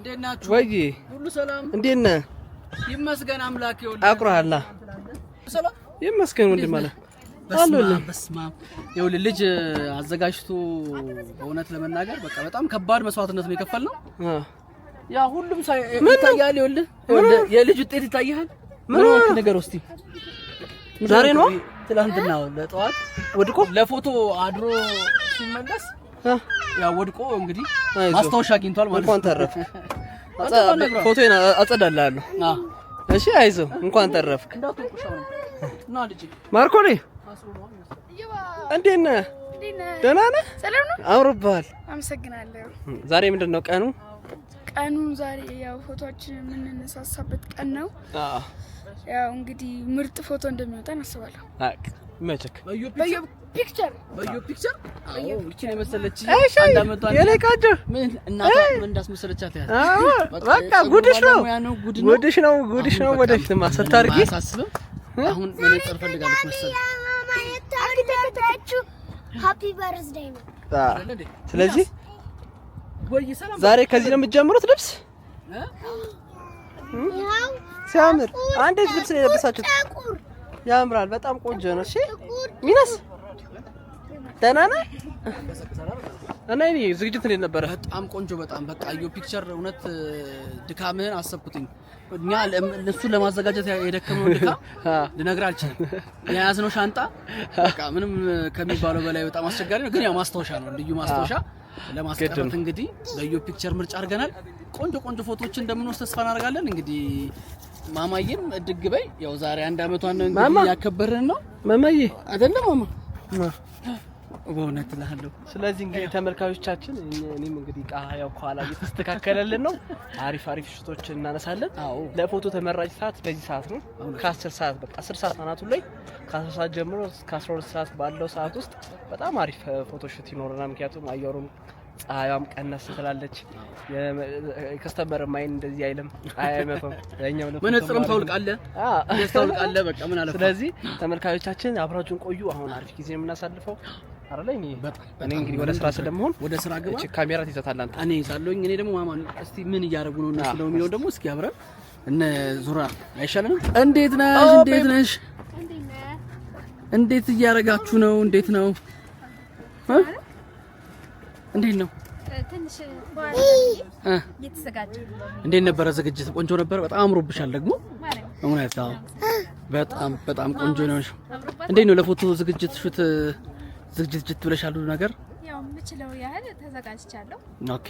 እንዴት ናችሁ? ወይ ሁሉ ሰላም? እንዴት ነህ? ይመስገን አምላክ ይወልድ አቁራላ ሰላም ይመስገን ወንድም አለ አሉልኝ። ልጅ አዘጋጅቶ በእውነት ለመናገር በቃ በጣም ከባድ መስዋዕትነት ነው የከፈልነው። ያ ሁሉም ሳይ ይታያል። ይኸውልህ የልጅ ውጤት ይታያል። ምን ሆነ ነገር እስቲ ዛሬ ነው ትላንትና ለጠዋት ወድቆ ለፎቶ አድሮ ሲመለስ ያው ወድቆ እንግዲህ ማስታወሻ አግኝቷል ማለት ነው። እንኳን ተረፍክ። ፎቶዬን አጸዳላለሁ። እሺ፣ አይዞህ፣ እንኳን ተረፍክ። ማርኮሌ እንዴት ነህ? ደህና ነህ? አምሮብሃል። አመሰግናለሁ። ዛሬ ምንድን ነው ቀኑ? ቀኑ ዛሬ ያው ፎቶችን የምንነሳሳበት ቀን ነው። ያው እንግዲህ ምርጥ ፎቶ እንደሚወጣ አስባለሁ። ይመችክ። ጉድሽ ነው ጉድሽ ነው ስታርጊ ስለዚህ ዛሬ ከዚህ ነው የምትጀምሩት ልብስ ሲያምር። አንዴት ልብስ ነው የለበሳችሁት? ያምራል። በጣም ቆንጆ ነው። እሺ ሚነስ ደህና ነህ? እና ይሄ ዝግጅት እንዴት ነበረ? በጣም ቆንጆ በጣም በቃ ዮ ፒክቸር እውነት ድካምህን አሰብኩትኝ። እኛ እሱን ለማዘጋጀት የደከመው ድካም ልነግርህ አልችልም። የያዝነው ሻንጣ በቃ ምንም ከሚባለው በላይ በጣም አስቸጋሪ ነው፣ ግን ያው ማስታወሻ ነው ልዩ ማስታወሻ ለማስቀረት እንግዲህ በዮ ፒክቸር ምርጫ አድርገናል። ቆንጆ ቆንጆ ፎቶዎችን እንደምንወስድ ተስፋ እናደርጋለን እንግዲህ ማማዬም እድግ በይ። ያው ዛሬ አንድ አመቷን ነው እንግዲህ ያከበርን ነው ማማዬ አይደለ? ማማ በእውነት እልሃለሁ። ስለዚህ እንግዲህ ተመልካቾቻችን፣ እኔም እንግዲህ ቃ ያው ከኋላ እየተስተካከለልን ነው። አሪፍ አሪፍ ሽቶችን እናነሳለን። ለፎቶ ተመራጭ ሰዓት በዚህ ሰዓት ነው። ከአስር ሰዓት በቃ አስር ሰዓት አናቱ ላይ ከአስር ሰዓት ጀምሮ እስከ አስራ ሁለት ሰዓት ባለው ሰዓት ውስጥ በጣም አሪፍ ፎቶ ሽት ይኖረናል። ምክንያቱም አየሩም ፀሐይዋም ቀነስ ትላለች። ከስተመር ማይን እንደዚህ አይልም። አይመፈም ለኛው ነው መነጽርም ታውልቃለ አዎ ታውልቃለህ። በቃ ምን አለፈ። ስለዚህ ተመልካዮቻችን አብራችሁን ቆዩ። አሁን አሪፍ ጊዜ የምናሳልፈው አይደለኝ። እኔ እንግዲህ ወደ ስራ ስለምሆን ወደ ስራ ገባ። እቺ ካሜራ ትይዛታለህ አንተ። እኔ ይዛለሁኝ። እኔ ደግሞ ማማ እስቲ ምን እያደረጉ ነው እነሱ ነው የሚለው ደግሞ እስኪ አብረን እነ ዙራ አይሻለንም? እንዴት ነሽ? እንዴት ነሽ? እንዴት እያደረጋችሁ ነው? እንዴት ነው? እንዴት ነው? እንዴት ነበረ ዝግጅት? ቆንጆ ነበር። በጣም አምሮብሻል ደግሞ እውነት። በጣም በጣም ቆንጆ ነው። እንዴት ነው ለፎቶ ዝግጅት ሹት ዝግጅት ጅት ብለሻል? ሁሉ ነገር ያው የምችለው ያህል ተዘጋጅቻለሁ። ኦኬ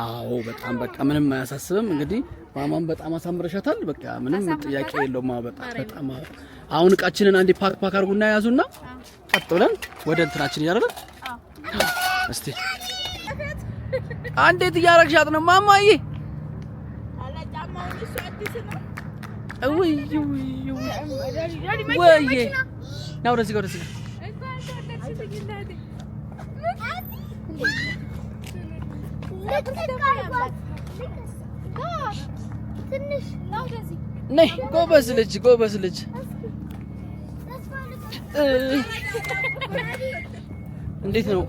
አዎ በጣም በቃ ምንም አያሳስብም። እንግዲህ ማማን በጣም አሳምረሻታል። በቃ ምንም ጥያቄ የለውም። በጣም አሁን እቃችንን አንዴ ፓክ ፓክ አድርጉና ያዙና ቀጥ ብለን ወደ እንትናችን እያደረግን እስቲ እንዴት እያረግሻት ነው ማማዬ? ወይዬ ና ወደዚህ ጋር ወደዚህ ጋር ነይ ጎበዝ ልጅ ጎበዝ ልጅ እንዴት ነው?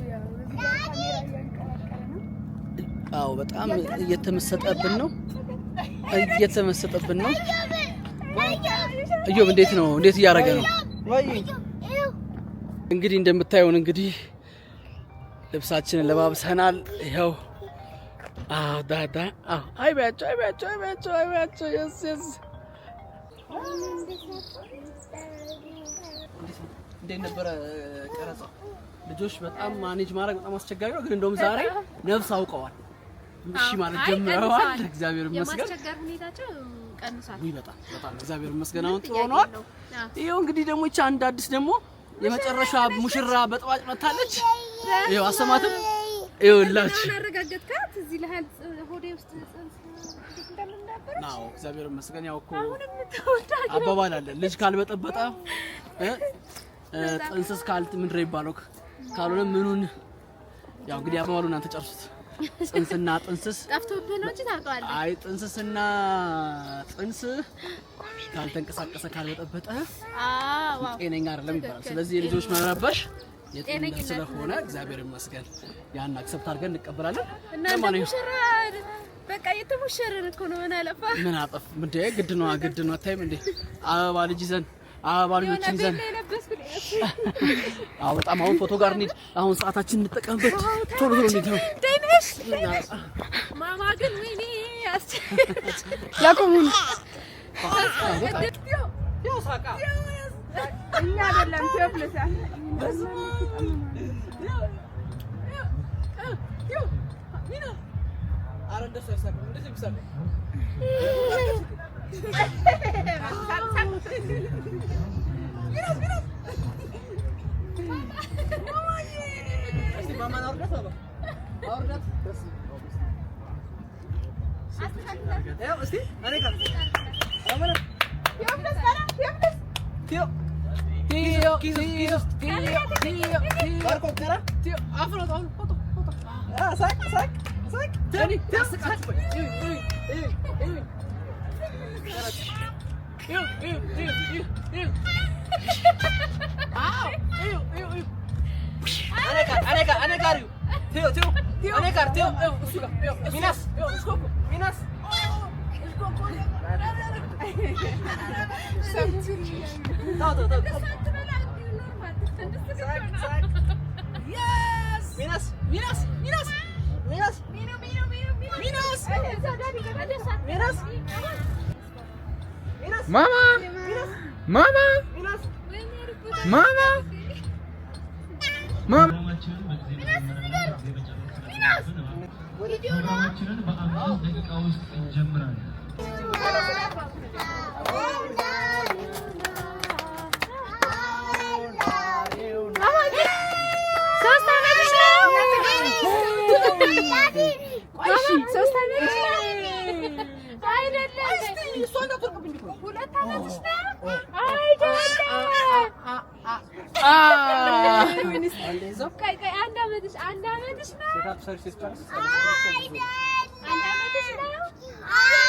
አዎ በጣም እየተመሰጠብን ነው፣ እየተመሰጠብን ነው። እዮብ እንዴት ነው? እንዴት እያደረገ ነው? እንግዲህ እንደምታየውን እንግዲህ ልብሳችንን ለባብሰናል። ይኸው አዎ፣ ዳዳ አይ ቢያቸው አይ ቢያቸው አይ ቢያቸው አይ ቢያቸው የስ የስ እንዴት ነበረ ቀረጻው? ልጆች በጣም ማኔጅ ማድረግ በጣም አስቸጋሪ ነው፣ ግን እንደውም ዛሬ ነፍስ አውቀዋል። እሺ ማለት ጀምረዋል። እግዚአብሔር ይመስገን። በጣም በጣም እግዚአብሔር ይመስገን። አሁን ጥሩ ሆነዋል። ይኸው እንግዲህ ደግሞ ይህች አንድ አዲስ ደግሞ የመጨረሻ ሙሽራ በጥባጭ መታለች። ይኸው አሰማትም ይኸውላችሁ ናው እግዚአብሔር ይመስገን። ያው እኮ አባባል አለ ልጅ ካልበጠበጠ ጥንስስ ካልት ምንድን ይባለው ካልሆነ ምኑን ያው እንግዲህ አባባሉ እናንተ ጨርሱት። ጥንስና ጥንስስ ጠፍቶብህ ነው እንጂ ታውቀዋለህ። አይ ጥንስስና ጥንስ ካልተንቀሳቀሰ ካልበጠበጠ ጤነኛ አይደለም ይባላል። ስለዚህ የልጆች መረበሽ የጤንነት ስለሆነ እግዚአብሔር ይመስገን ያን አክሰብት አድርገን እንቀበላለን። እናንተ በቃ የተሞሸረን እኮ ነው። ምን አለፋ ምን አጠፍ ምንድ ግድ ነው ግድ ነው። አታይም እንዴ አበባ ልጅ ይዘን አበባ ልጆችን ይዘን አዎ፣ በጣም አሁን ፎቶ ጋር እንሂድ። አሁን ሰዓታችን እንጠቀምበት። ቶሎ ቶሎ እንሂድ። ማማ ግን ወይኔ ያቆሙን እኛ አይደለም ቴፕልሳል እስቲ tío. Tío, tío, tío, tío, tío. cuál cara? Tío, foto, foto. sac, sac. Tío, tío, Tío, tío, tío, tío, tío. tío, tío, tío. Aneka, aneka, aneka, Tío, tío. Tío, Aneka, tío. Minas, tío, Minas. Tahu tahu tahu. Yes. Minas, Minas, Minas, Minas. Mino, Mino, Mino, Mino. Minas. Minas. Minas. Mama. Mama. Minas. Mama. Mama. Minas sizi gör. Minas. Gidiyor ha. Minas. Andamadishna. Andamadishna. Andamadishna.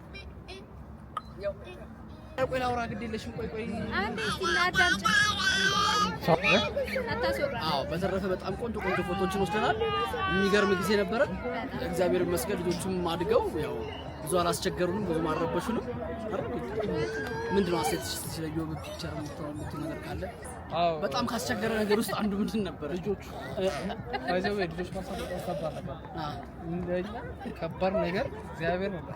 ቆይ ላውራ። በተረፈ በጣም ቆንጆ ቆንጆ ፎቶዎችን ወስደናል። የሚገርም ጊዜ ነበረ። እግዚአብሔር ይመስገን። ልጆቹም አድገው ያው ብዙ አላስቸገሩንም፣ ብዙ አልረበሹንም። ምንድን ነው አሴት ስለየ ፒክቸር የምትራሙት ነገር ካለ በጣም ካስቸገረ ነገር ውስጥ አንዱ ምንድን ነበር? ልጆቹ ይዘው ልጆች ማሳደግ ከባድ ነበር። ከባድ ነገር እግዚአብሔር ነበር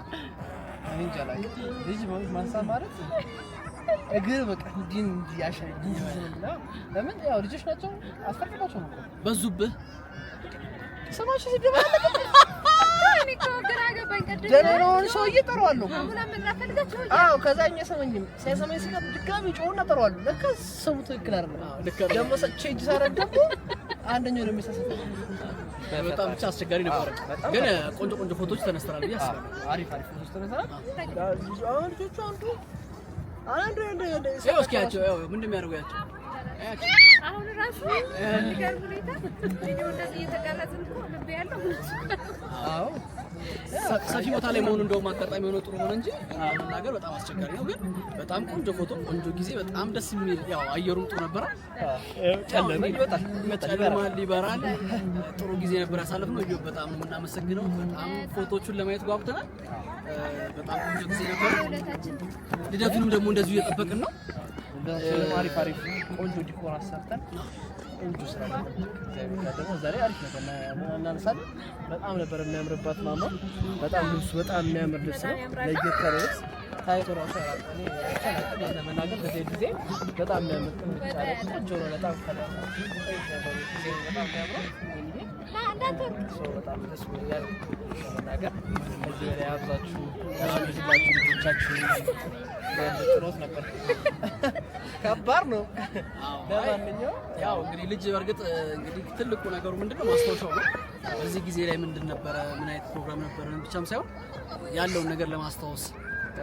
ልጅ ማንሳት ማለት እግር በቃ እንዲን ያሻል እና ለምን ያው ልጆች ናቸው፣ አስፈቅዳቸው ነው በዙብህ ስማቸው ሲገባ ሰውዬ ጠሯዋለሁ። አዎ ከዛ እኛ ሰመኝም ሳይሰማኝ ሲቀር ድጋሚ ጮኸና ጠሯዋለሁ። ለካ ስሙ ትክክል አይደለም። ደግሞ ቼጅ ሳረግ ደግሞ አንደኛው ነው የሚሳሳተው በጣም ብቻ አስቸጋሪ ነበር፣ ግን ቆንጆ ቆንጆ ፎቶዎች ተነስተናል ብዬ አስባለሁ። አሪፍ አሪፍ ፎቶዎች ተነስተናል። አሁን ልጆቹ አንዱ አንዱ ያው እስኪ ያቸው ያው ምንድን ነው የሚያደርጉ ያቸው አሁን ራሱ የሚገርም ሁኔታ እንደዚህ እየተቀረጽን ልብ ያለው ሰፊ ቦታ ላይ መሆኑ እንደውም አጋጣሚ የሆነ ጥሩ ሆነ እንጂ መናገር በጣም አስቸጋሪ ነው። ግን በጣም ቆንጆ ፎቶ፣ ቆንጆ ጊዜ፣ በጣም ደስ የሚል ያው አየሩም ጥሩ ነበረ። ጨለማል ይበራል። ጥሩ ጊዜ ነበር ያሳለፍነው። እዩ በጣም ነው የምናመሰግነው። በጣም ፎቶቹን ለማየት ጓጉተናል። በጣም ቆንጆ ጊዜ ነበር። ልደቱንም ደግሞ እንደዚሁ እየጠበቅን ነው። ቆንጆ ዲኮር አሰርተን ቆንጆ ስራ ደግሞ ዛሬ አሪፍ ነበር እናነሳለን። በጣም ነበር የሚያምርባት ማማ። በጣም ልብሱ በጣም የሚያምር ልብስ ነው። ለየት ያለ ልብስ ታይቶ ራሱ ለመናገር በዚህ ጊዜ በጣም የሚያምር ቆንጆ ነው። በጣም በጣም የሚያምረው በጣም ደስ ብሎኛል። ነገር ከዚህ ከባድ ነው። ለማንኛውም ያው እንግዲህ ልጅ በእርግጥ እንግዲህ ትልቁ ነገሩ ምንድን ነው ማስታወሻው ነው። በዚህ ጊዜ ላይ ምንድን ነበረ፣ ምን አይነት ፕሮግራም ነበረ ብቻም ሳይሆን ያለውን ነገር ለማስታወስ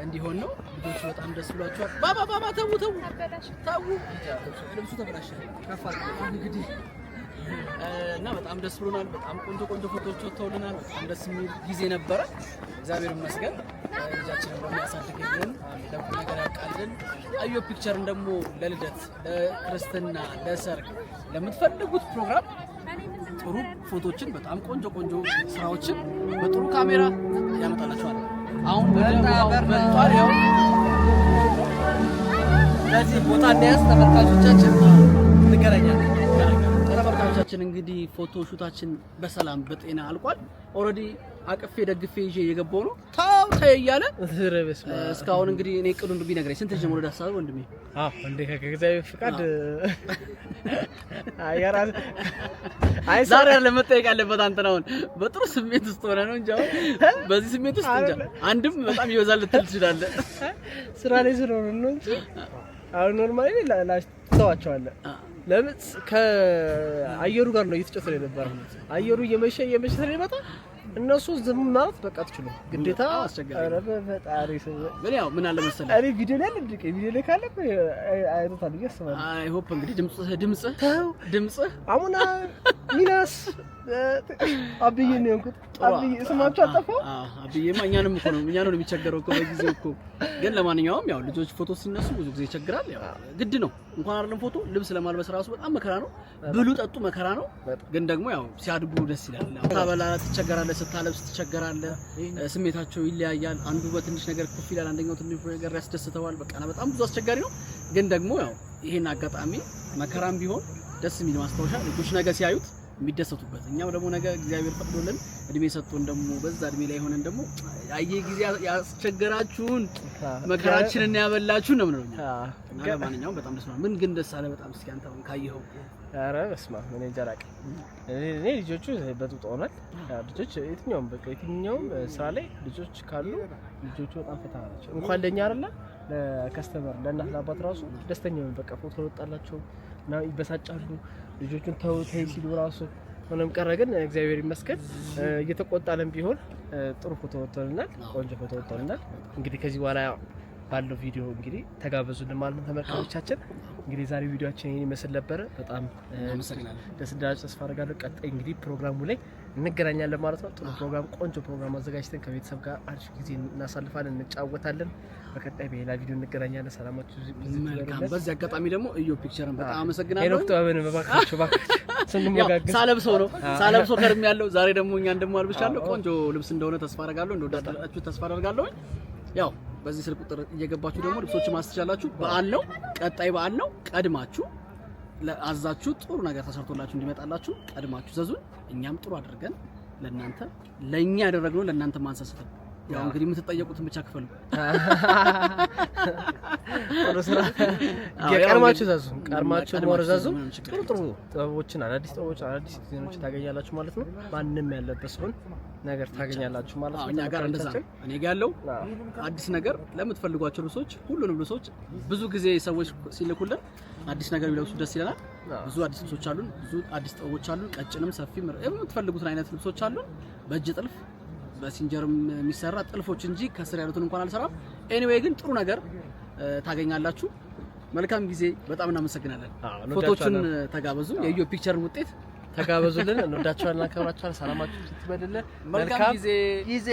እንዲሆን ነው። ልጆቹ በጣም ደስ ብሏቸዋል። ባባ ተዉ ተዉ ተዉ፣ ልብሱ ተበላሸ። ከፋ እንግዲህ እና በጣም ደስ ብሎናል። በጣም ቆንጆ ቆንጆ ፎቶዎች ወጥተውልናል። በጣም ደስ የሚል ጊዜ ነበረ። እግዚአብሔር ይመስገን። ልጃችንን በሚያሳድግልን ለቁ ነገር ያውቃልን። አዮ ፒክቸርን ደግሞ ለልደት፣ ለክርስትና፣ ለሰርግ፣ ለምትፈልጉት ፕሮግራም ጥሩ ፎቶችን በጣም ቆንጆ ቆንጆ ስራዎችን በጥሩ ካሜራ ያመጣላችኋል። አሁን መጥቷል። ያው ለዚህ ቦታ እንዲያዝ ተመልካቾቻችን እንገናኛለን። ቻችን እንግዲህ ፎቶ ሹታችን በሰላም በጤና አልቋል። ኦልሬዲ አቅፌ ደግፌ ይዤ እየገባው ነው። ታው ተይ እያለ እስካሁን እንግዲህ እኔ ቅዱን ድብ ይነግረኝ ስንት ልጅ መውለድ ሀሳብ ወንድሜ? አዎ እንዴ ከእግዚአብሔር ፍቃድ አያራል አይ ዛሬ መጠየቅ ያለበት አንተን ነው። በጥሩ ስሜት ውስጥ ሆነ ነው እንጂ በዚህ ስሜት ውስጥ እንጂ አንድም በጣም ይበዛል ልትል ትችላለህ። ስራ ላይ ስለሆነ ነው እንጂ አሁን ኖርማሊ ላስተዋቸዋለሁ ለምን ከአየሩ ጋር ነው እየተጨሰረ የነበረ። አየሩ እየመሸ እየመሸ ስለሚመጣ እነሱ ዝም ማለት በቃ ትችሉ ግዴታ አስቸጋሪ። በፈጣሪ ስም ያው ምን አለ መሰለህ እኔ ቪዲዮ ላይ ልድቅ ቪዲዮ ላይ ካለ አይሮታል ብዬ አስባለሁ። አይ ሆፕ እንግዲህ ድምጽህ ድምጽህ ድምጽህ አሙና ሚናስ አብዬ ነው ያልኩት። አብዬ ስማችሁ አጠፋ። አብዬማ እኛንም እኮ ነው እኛንም የሚቸገረው እኮ በጊዜው እኮ። ግን ለማንኛውም ያው ልጆች ፎቶ ሲነሱ ብዙ ጊዜ ይቸግራል። ያው ግድ ነው እንኳን አይደለም ፎቶ ልብስ ለማልበስ ራሱ በጣም መከራ ነው። ብሉ ጠጡ መከራ ነው። ግን ደግሞ ያው ሲያድጉ ደስ ይላል። ታበላ ትቸገራለህ፣ ስታለብስ ትቸገራለህ። ስሜታቸው ይለያያል። አንዱ በትንሽ ነገር ከፍ ይላል፣ አንደኛው ትንሽ ነገር ያስደስተዋል። በቃ በጣም ብዙ አስቸጋሪ ነው። ግን ደግሞ ያው ይሄን አጋጣሚ መከራም ቢሆን ደስ የሚል ማስታወሻ ልጆች ነገር ሲያዩት የሚደሰቱበት እኛም ደግሞ ነገ እግዚአብሔር ፈቅዶልን እድሜ ሰጥቶን ደግሞ በዛ እድሜ ላይ ሆነን ደግሞ አየ ጊዜ ያስቸገራችሁን መከራችንን ያበላችሁን ነው ምንኛ። ለማንኛውም በጣም ደስ ምን ግን ደስ አለ በጣም እስኪ አንተ ካየኸው። ኧረ በስመ አብ እኔ እንጃ አላውቅም። እኔ ልጆቹ በጡጦ ሆኗል። ልጆች የትኛውም በቃ የትኛውም ስራ ላይ ልጆች ካሉ ልጆቹ በጣም ፈታ ናቸው። እንኳን ለእኛ አይደለ ለከስተመር ለእናት ለአባት ራሱ ደስተኛ በቃ ፎቶ ወጣላቸው እና ይበሳጫሉ ልጆቹን ተው ተይ ሲሉ ራሱ ሆነም ቀረ ግን እግዚአብሔር ይመስገን እየተቆጣለን ቢሆን ጥሩ ፎቶ ወጥቶልናል፣ ቆንጆ ፎቶ ወጥቶልናል። እንግዲህ ከዚህ በኋላ ባለው ቪዲዮ እንግዲህ ተጋበዙልን ማለት ነው ተመልካቾቻችን። እንግዲህ ዛሬ ቪዲዮችን ይህን ይመስል ነበረ። በጣም ደስ እንዳላችሁ ተስፋ አደርጋለሁ። ቀጣይ እንግዲህ ፕሮግራሙ ላይ እንገናኛለን ማለት ነው። ጥሩ ፕሮግራም፣ ቆንጆ ፕሮግራም አዘጋጅተን ከቤተሰብ ጋር አሪፍ ጊዜ እናሳልፋለን፣ እንጫወታለን። በቀጣይ በሌላ ቪዲዮ እንገናኛለን። ሰላማችሁ። በዚህ አጋጣሚ ደግሞ እዮ ፒክቸርን በጣም አመሰግናለሁ። እባካችሁ እባካችሁ፣ ሳለብሰው ነው ሳለብሰው ከርም ያለው ዛሬ ደግሞ እኛን ደግሞ አልብሻለሁ። ቆንጆ ልብስ እንደሆነ ተስፋ አደርጋለሁ፣ እንደወዳችሁ ተስፋ አደርጋለሁ። ያው በዚህ ስልክ ቁጥር እየገባችሁ ደግሞ ልብሶች ማስተቻላችሁ። በዓል ነው፣ ቀጣይ በዓል ነው። ቀድማችሁ አዛችሁ ጥሩ ነገር ተሰርቶላችሁ እንዲመጣላችሁ ቀድማችሁ ዘዙን። እኛም ጥሩ አድርገን ለእናንተ ለእኛ ያደረግነው ለእናንተ ማንሰስትም ያው እንግዲህ የምትጠየቁትን ብቻ ክፈሉ። ጥሩ ስራ ቀርማችሁ ዘዙ፣ ቀርማችሁ ሞር ዘዙ። ጥሩ ጥሩ ጥበቦችን አዳዲስ ጥበቦች፣ አዳዲስ ዲዛይኖች ታገኛላችሁ ማለት ነው። ማንም ያለበት ሲሆን ነገር ታገኛላችሁ ማለት ነው። እኛ ጋር እንደዛ እኔ ጋር ያለው አዲስ ነገር ለምትፈልጓቸው ልብሶች፣ ሁሉንም ልብሶች ብዙ ጊዜ ሰዎች ሲልኩልን አዲስ ነገር ቢለብሱ ደስ ይለናል። ብዙ አዲስ ልብሶች አሉን፣ ብዙ አዲስ ጥበቦች አሉን። ቀጭንም ሰፊም የምትፈልጉትን አይነት ልብሶች አሉን በእጅ ጥልፍ በሲንጀርም የሚሰራ ጥልፎች እንጂ ከስር ያሉትን እንኳን አልሰራም። ኤኒዌይ ግን ጥሩ ነገር ታገኛላችሁ። መልካም ጊዜ። በጣም እናመሰግናለን። ፎቶችን ተጋበዙ። የዮ ፒክቸርን ውጤት ተጋበዙልን። እንወዳቸዋል፣ እናከብራቸዋል። ሰላማችሁ ትበልልን። መልካም ጊዜ ጊዜ